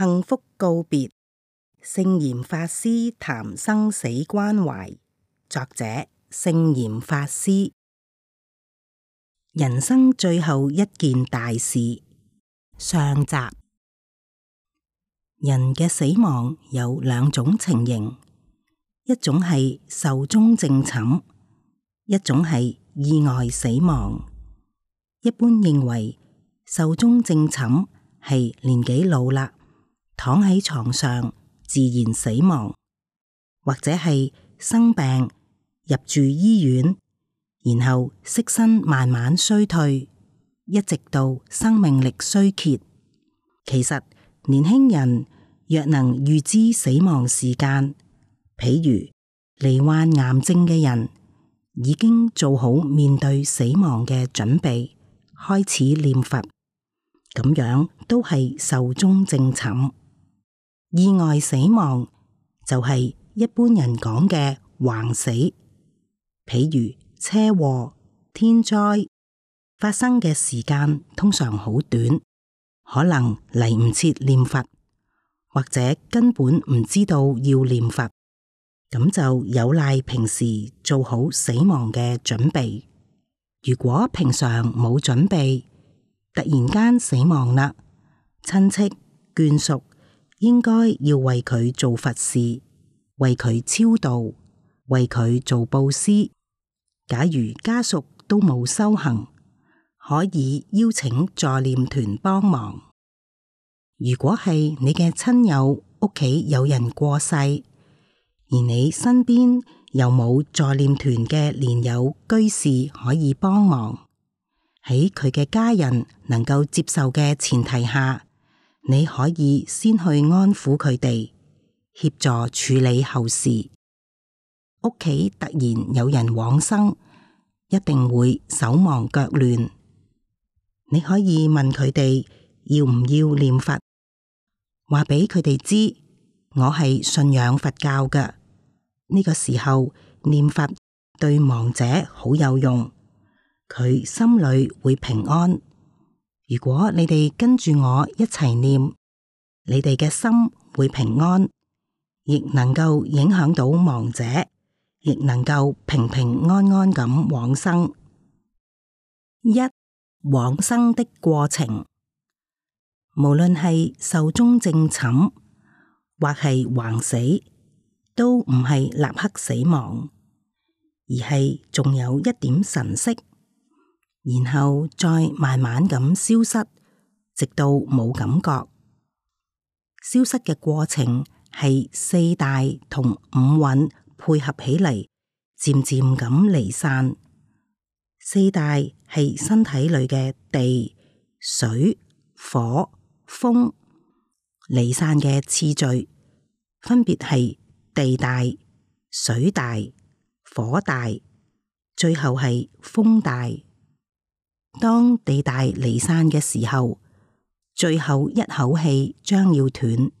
幸福告別，聖嚴法師談生死關懷。作者：聖嚴法師。人生最後一件大事，上集。人嘅死亡有兩種情形，一種係壽終正寢，一種係意外死亡。一般認為，壽終正寢係年紀老啦。躺喺床上自然死亡，或者係生病入住醫院，然後色身慢慢衰退，一直到生命力衰竭。其實年輕人若能預知死亡時間，譬如罹患癌症嘅人，已經做好面對死亡嘅準備，開始念佛，咁樣都係壽終正寢。意外死亡就係一般人講嘅橫死，譬如車禍、天災發生嘅時間通常好短，可能嚟唔切念佛，或者根本唔知道要念佛，咁就有賴平時做好死亡嘅準備。如果平常冇準備，突然間死亡啦，親戚眷屬。應該要為佢做佛事，為佢超度，為佢做布施。假如家屬都冇修行，可以邀請助念團幫忙。如果係你嘅親友屋企有人過世，而你身邊又冇助念團嘅蓮友居士可以幫忙，喺佢嘅家人能夠接受嘅前提下。你可以先去安撫佢哋，協助處理後事。屋企突然有人往生，一定會手忙腳亂。你可以問佢哋要唔要念佛，話畀佢哋知我係信仰佛教嘅。呢個時候念佛對亡者好有用，佢心裏會平安。如果你哋跟住我一齊念，你哋嘅心會平安，亦能夠影響到亡者，亦能夠平平安安咁往生。一往生的過程，無論係壽終正寢或係橫死，都唔係立刻死亡，而係仲有一點神識，然後再慢慢咁消失，直到冇感覺。消失嘅過程係四大同五蘊配合起嚟，漸漸咁離散。四大係身體裏嘅地、水、火、風。離散嘅次序，分別係地大、水大、火大，最後係風大。當地大離散嘅時候，最後一口氣將要斷，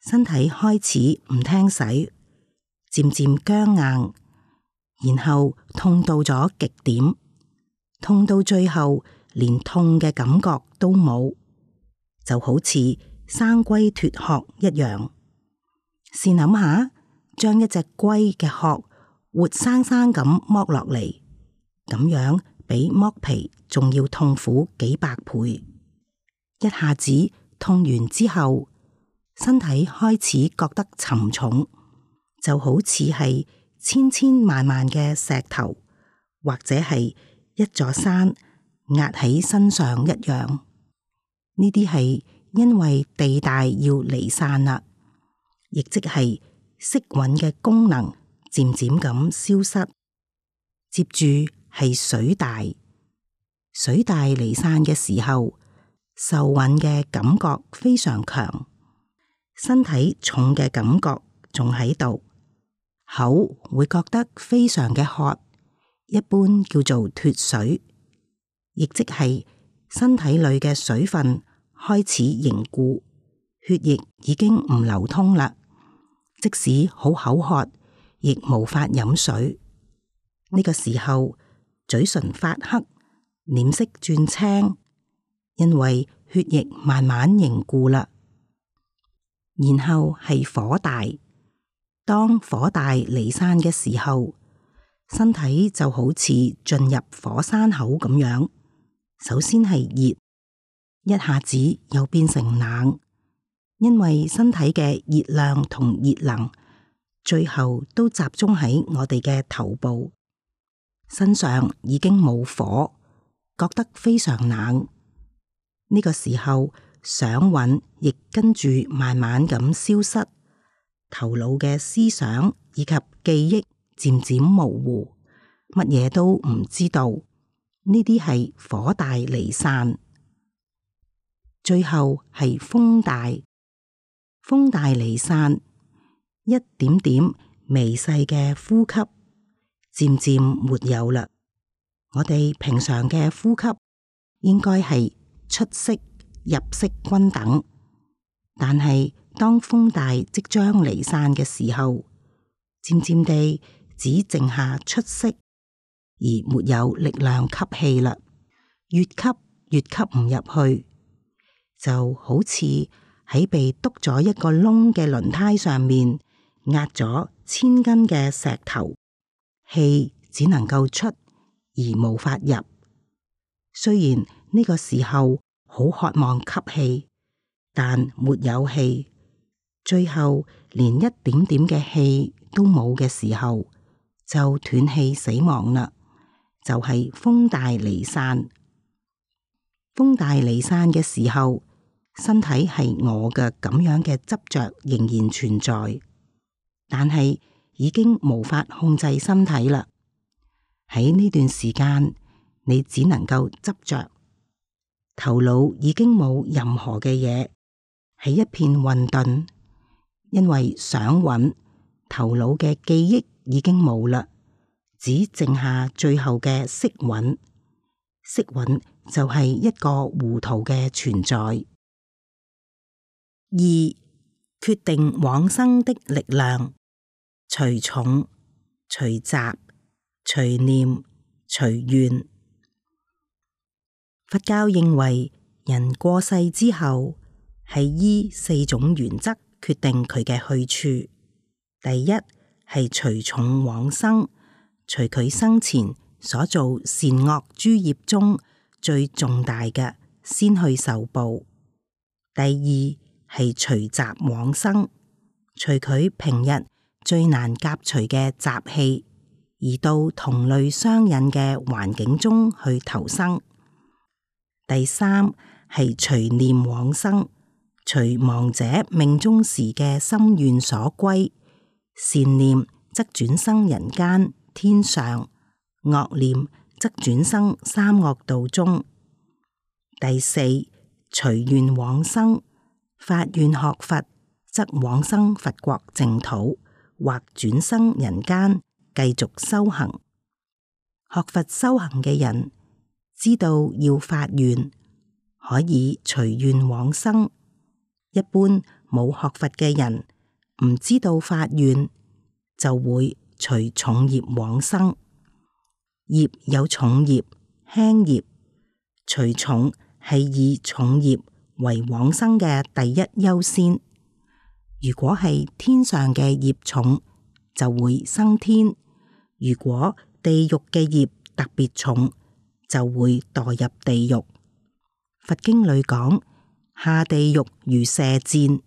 身體開始唔聽使，漸漸僵硬，然後痛到咗極點，痛到最後連痛嘅感覺都冇，就好似生龜脫殼一樣。試諗下，將一隻龜嘅殼活生生咁剝落嚟，咁樣。比剝皮仲要痛苦幾百倍，一下子痛完之後，身體開始覺得沉重，就好似係千千萬萬嘅石頭或者係一座山壓喺身上一樣。呢啲係因為地大要離散啦，亦即係色蘊嘅功能漸漸咁消失，接住。係水大，水大離散嘅時候，受孕嘅感覺非常強，身體重嘅感覺仲喺度，口會覺得非常嘅渴，一般叫做脱水，亦即係身體裏嘅水分開始凝固，血液已經唔流通啦，即使好口渴亦無法飲水呢個時候。嘴唇發黑，臉色轉青，因為血液慢慢凝固啦。然後係火大，當火大離山嘅時候，身體就好似進入火山口咁樣。首先係熱，一下子又變成冷，因為身體嘅熱量同熱能，最後都集中喺我哋嘅頭部。身上已經冇火，覺得非常冷。呢個時候，想蘊亦跟住慢慢咁消失，頭腦嘅思想以及記憶漸漸模糊，乜嘢都唔知道。呢啲係火大離散，最後係風大，風大離散，一點點微細嘅呼吸。漸漸沒有啦。我哋平常嘅呼吸應該係出息、入息均等，但係當風大即將離散嘅時候，漸漸地只剩下出息，而沒有力量吸氣啦。越吸越吸唔入去，就好似喺被篤咗一個窿嘅輪胎上面壓咗千斤嘅石頭。氣只能夠出而無法入，雖然呢個時候好渴望吸氣，但沒有氣，最後連一點點嘅氣都冇嘅時候就斷氣死亡啦。就係風大離散，風大離散嘅時候，身體係我嘅咁樣嘅執着仍然存在，但係，已經無法控制身體啦！喺呢段時間，你只能夠執着，頭腦已經冇任何嘅嘢，係一片混沌，因為想蘊，頭腦嘅記憶已經冇啦，只剩下最後嘅識蘊，識蘊就係一個糊塗嘅存在。二，決定往生的力量。隨重、隨習、隨念、隨願，佛教認為人過世之後係依四種原則決定佢嘅去處。第一係隨重往生，隨佢生前所做善惡諸業中最重大嘅先去受報。第二係隨習往生，隨佢平日。最難夾除嘅習氣，而到同類相引嘅環境中去投生。第三係隨念往生，隨亡者命終時，嘅心願所歸，善念則轉生人間天上，惡念則轉生三惡道中。第四隨願往生，發願學佛，則往生佛國淨土，或轉生人間繼續修行，學佛修行嘅人知道要發願，可以隨願往生。一般冇學佛嘅人唔知道發願，就會隨重業往生。業有重業、輕業，隨重係以重業為往生嘅第一優先。如果係天上嘅業重，就會升天；如果地獄嘅業特別重，就會墮入地獄。佛經裏講，下地獄如射箭，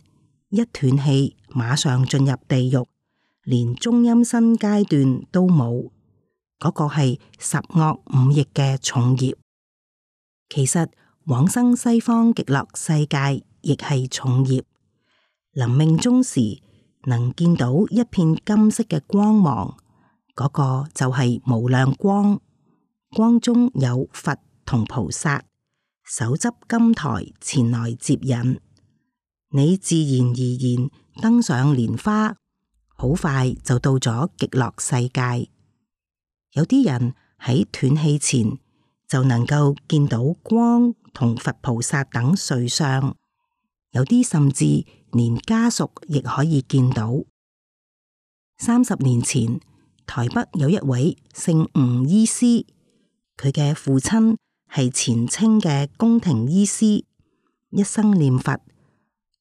一斷氣馬上進入地獄，連中陰身階段都冇。嗰個係十惡五逆嘅重業。其實往生西方極樂世界亦係重業。臨命終時，能見到一片金色嘅光芒，嗰、那個就係無量光。光中有佛同菩薩，手執金台前來接引你，自然而然登上蓮花，好快就到咗極樂世界。有啲人喺斷氣前就能夠見到光同佛菩薩等瑞相。有啲甚至。連家屬亦可以見到。三十年前，台北有一位姓吳醫師，佢嘅父親係前清嘅宮廷醫師，一生念佛。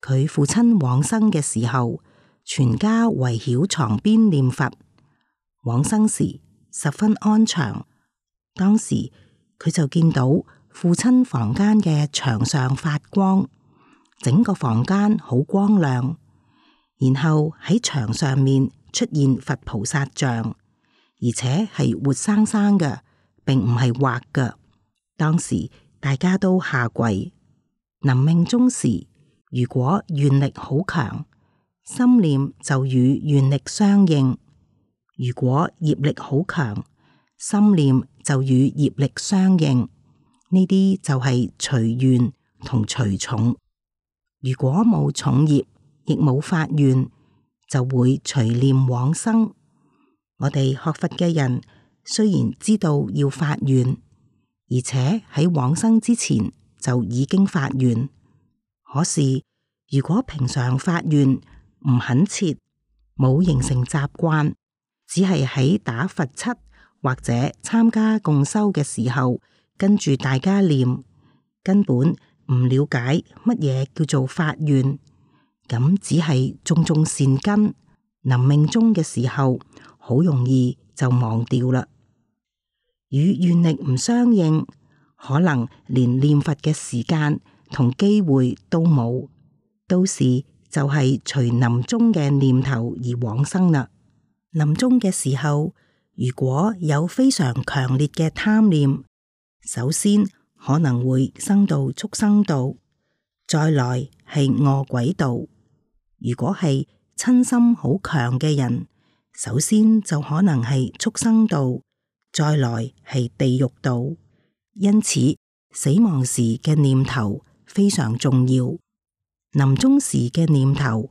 佢父親往生嘅時候，全家圍繞床邊念佛。往生時十分安詳，當時佢就見到父親房間嘅牆上發光。整個房間好光亮，然後喺牆上面出現佛菩薩像，而且係活生生嘅，並唔係畫嘅當時大家都下跪。臨命終時，如果願力好強，心念就與願力相應；如果業力好強，心念就與業力相應。呢啲就係隨願同隨重。如果冇重業，亦冇發願，就會隨念往生。我哋學佛嘅人雖然知道要發願，而且喺往生之前就已經發願，可是如果平常發願唔懇切，冇形成習慣，只係喺打佛七或者參加共修嘅時候跟住大家念，根本。唔了解乜嘢叫做發願，咁只係種種善根，臨命終嘅時候，好容易就忘掉啦。與願力唔相應，可能連念佛嘅時間同機會都冇，到時就係隨臨終嘅念頭而往生啦。臨終嘅時候，如果有非常強烈嘅貪念，首先。可能會生到畜生道，再來係餓鬼道。如果係瞋心好強嘅人，首先就可能係畜生道，再來係地獄道。因此，死亡時嘅念頭非常重要。臨終時嘅念頭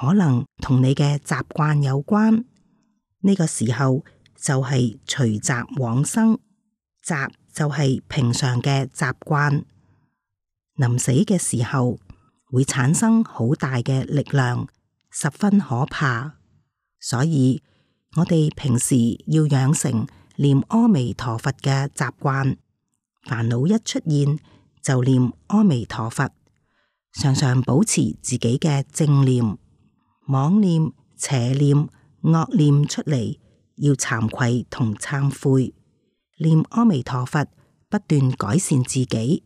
可能同你嘅習慣有關。呢、這個時候就係隨習往生習。就係平常嘅習慣，臨死嘅時候會產生好大嘅力量，十分可怕。所以我哋平時要養成念阿彌陀佛嘅習慣，煩惱一出現就念阿彌陀佛，常常保持自己嘅正念，妄念、邪念、邪念、惡念出嚟要慚愧同懺悔。念阿彌陀佛，不斷改善自己，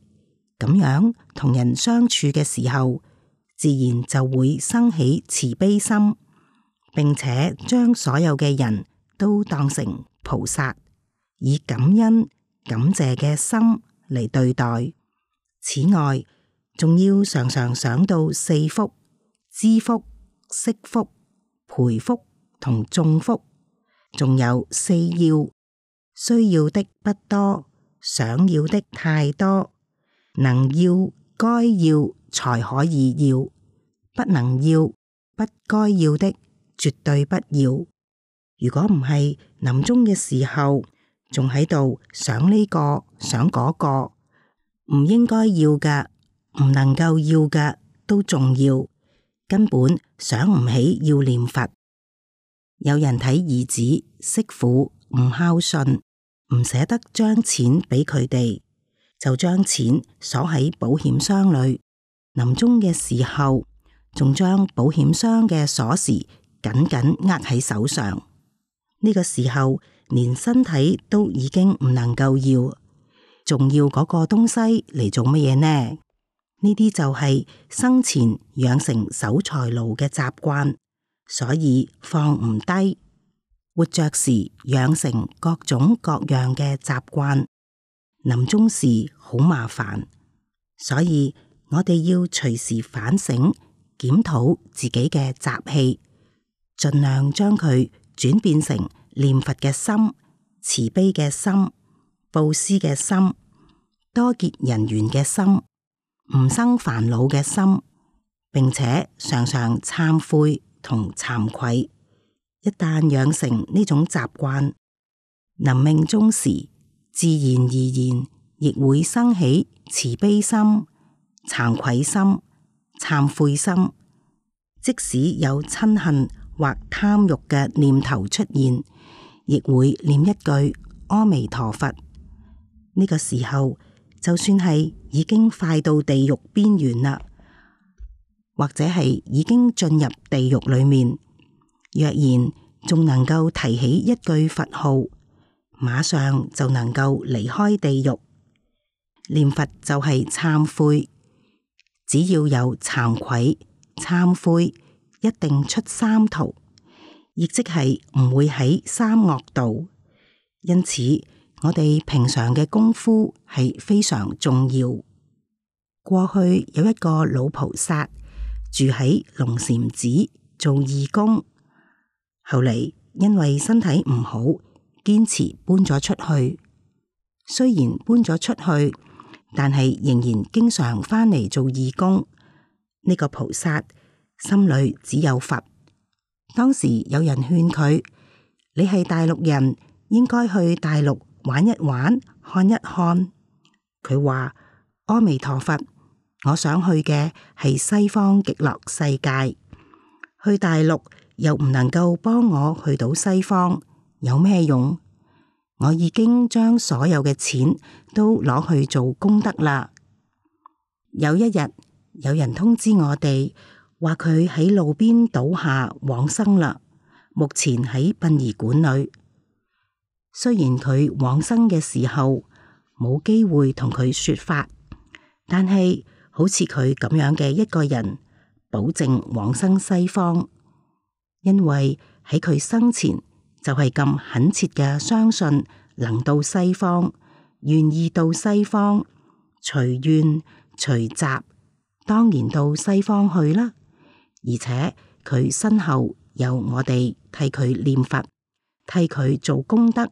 咁樣同人相處嘅時候，自然就會生起慈悲心，並且將所有嘅人都當成菩薩，以感恩、感謝嘅心嚟對待。此外，仲要常常想到四福：知福、惜福、培福同種福，仲有四要。需要的不多，想要的太多。能要該要才可以要，不能要不該要的絕對不要。如果唔係臨終嘅時候仲喺度想呢個想嗰個，唔應該要嘅唔能夠要嘅都重要，根本想唔起要念佛。有人睇兒子媳婦唔孝順。唔捨得將錢俾佢哋，就將錢鎖喺保險箱裏。臨終嘅時候，仲將保險箱嘅鎖匙緊緊握喺手上。呢個時候，連身體都已經唔能夠要，仲要嗰個東西嚟做乜嘢呢？呢啲就係生前養成守財奴嘅習慣，所以放唔低。活着時養成各種各樣嘅習慣，臨終時好麻煩，所以我哋要隨時反省檢討自己嘅習氣，盡量將佢轉變成念佛嘅心、慈悲嘅心、布施嘅心、多結人緣嘅心、唔生煩惱嘅心，並且常常懺悔同慚愧。一旦養成呢種習慣，臨命終時，自然而然亦會生起慈悲心、慚愧心、懺悔心。即使有嗔恨或貪欲嘅念頭出現，亦會念一句阿彌陀佛。呢個時候，就算係已經快到地獄邊緣啦，或者係已經進入地獄裏面。若然仲能夠提起一句佛號，馬上就能夠離開地獄。念佛就係懺悔，只要有慚愧、懺悔，一定出三途，亦即係唔會喺三惡道。因此，我哋平常嘅功夫係非常重要。過去有一個老菩薩住喺龍禪寺做義工。後嚟因為身體唔好，堅持搬咗出去。雖然搬咗出去，但係仍然經常返嚟做義工。呢個菩薩心裏只有佛。當時有人勸佢：你係大陸人，應該去大陸玩一玩、看一看。佢話：阿彌陀佛，我想去嘅係西方極樂世界，去大陸。又唔能夠幫我去到西方，有咩用？我已經將所有嘅錢都攞去做功德啦。有一日，有人通知我哋話佢喺路邊倒下往生啦，目前喺殯儀館裏。雖然佢往生嘅時候冇機會同佢說法，但係好似佢咁樣嘅一個人，保證往生西方。因為喺佢生前就係咁懇切嘅相信能到西方，願意到西方，隨願隨集，當然到西方去啦。而且佢身後有我哋替佢念佛，替佢做功德，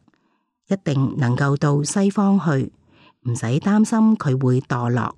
一定能夠到西方去，唔使擔心佢會墮落。